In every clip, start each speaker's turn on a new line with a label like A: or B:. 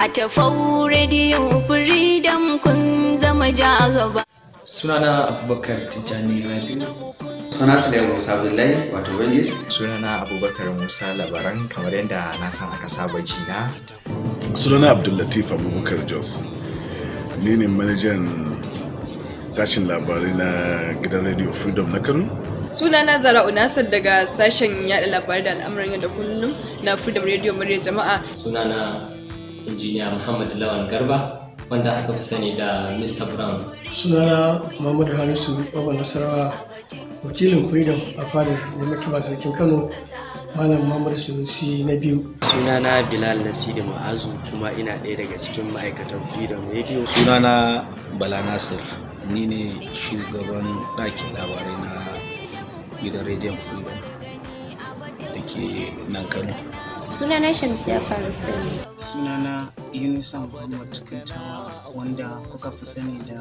A: A tafau rediyo Freedom kun zama ja gaba. Sunana Abubakar Tijjani Radio. Suna Sule Musa Bullai, wato Bengis. Sunana Abubakar Musa Labaran kamar yadda na san aka saba jina. na. Sunana Abdullatif Abubakar Jos. Ni ne manajan sashen labarai na gidan Radio Freedom na Kano. Sunana Zara Unasar daga sashen yada labarai da al'amuran yau da kullum na Freedom Radio Murya Jama'a. Sunana injiniya Muhammad Lawan Garba wanda aka fi sani da Mr. Brown. Sunana Muhammad Hamisu Baba Nasarawa wakilin Freedom a fadar da mataba sarkin Kano Malam Muhammad Sunusi na biyu. Sunana Bilal Nasiru Ma'azu kuma ina ɗaya daga cikin ma'aikatan Freedom Radio. Sunana Bala Nasir ni ne shugaban ɗakin labarai na gidan Radio Freedom da ke nan Kano. sunana shamsiya faris gani sunana yunusa muhammad kuntawa wanda kuka fi sani da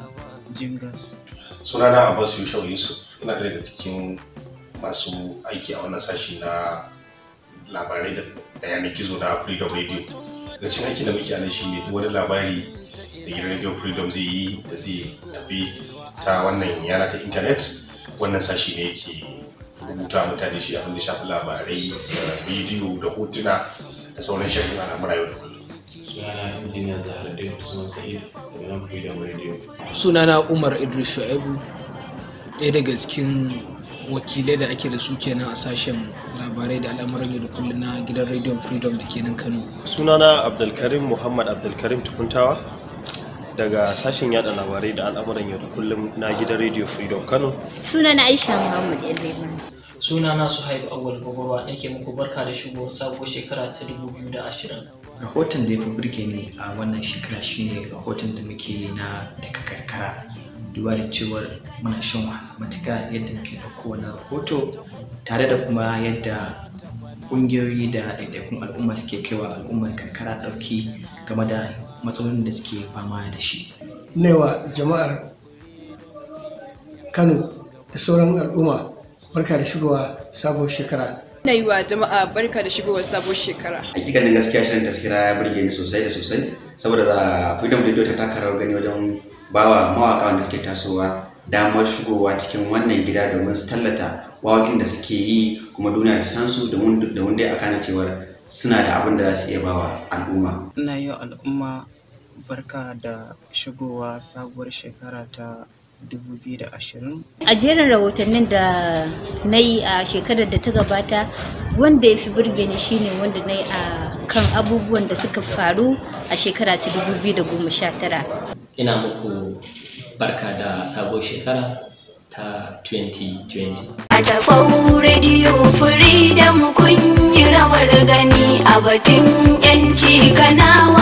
A: jingas sunana abbas yushau yusuf ina daga cikin masu aiki a wannan sashi na labarai da yanar gizo na freedom radio da cin aikin da muke a nan shi ne wani labari da gidan radio freedom zai yi da zai tafi ta wannan yana ta intanet wannan sashi ne yake rubuta mutane shi abin da shafi labarai da bidiyo da hotuna da sauran ana al'amura yau da kullum sunana umar idris shu'aibu ɗaya daga cikin wakilai da ake da su kenan a sashen labarai da al'amuran yau da kullum na gidan radio freedom da ke nan kano sunana abdulkarim muhammad abdulkarim tukuntawa daga sashen yada labarai da al'amuran yau da kullum na gidan radio freedom kano sunana aisha muhammad el suna na su haibu awal gogorwa ke muku barka da shigowar sabuwar shekara ta 2020 rahoton da ya fi burge ni a wannan shekara shine rahoton da muke yi na daga karkara duba da cewar muna shan wahala matuka yadda muke da kowane rahoto tare da kuma yadda ƙungiyoyi da ɗaiɗaikun al'umma suke kaiwa al'ummar karkara ɗauki game da matsalolin da suke fama da shi. Newa jama'ar Kano da sauran al'umma barka da shigowa sabon shekara na yi wa jama'a barka da shigowar sabon shekara hakikanin gaskiya shirin taskira ya burge ni sosai da sosai saboda da freedom radio ta taka gani wajen bawa mawaka wanda suke tasowa damar shigowa cikin wannan gida domin su tallata wawakin da suke yi kuma duniya da san su da wanda ya akana cewa suna da abin da za su iya bawa al'umma ina yi al'umma barka da shigowa sabuwar shekara ta 2020 a jerin rahotannin da na yi a shekarar da ta gabata wanda ya fi burge ni shine wanda na yi a kan abubuwan da suka faru a shekara ta 2019 ina muku barka da sabon shekara ta 2020 a tafau rediyo freedom kun yi rawar gani a batun yanci kanawa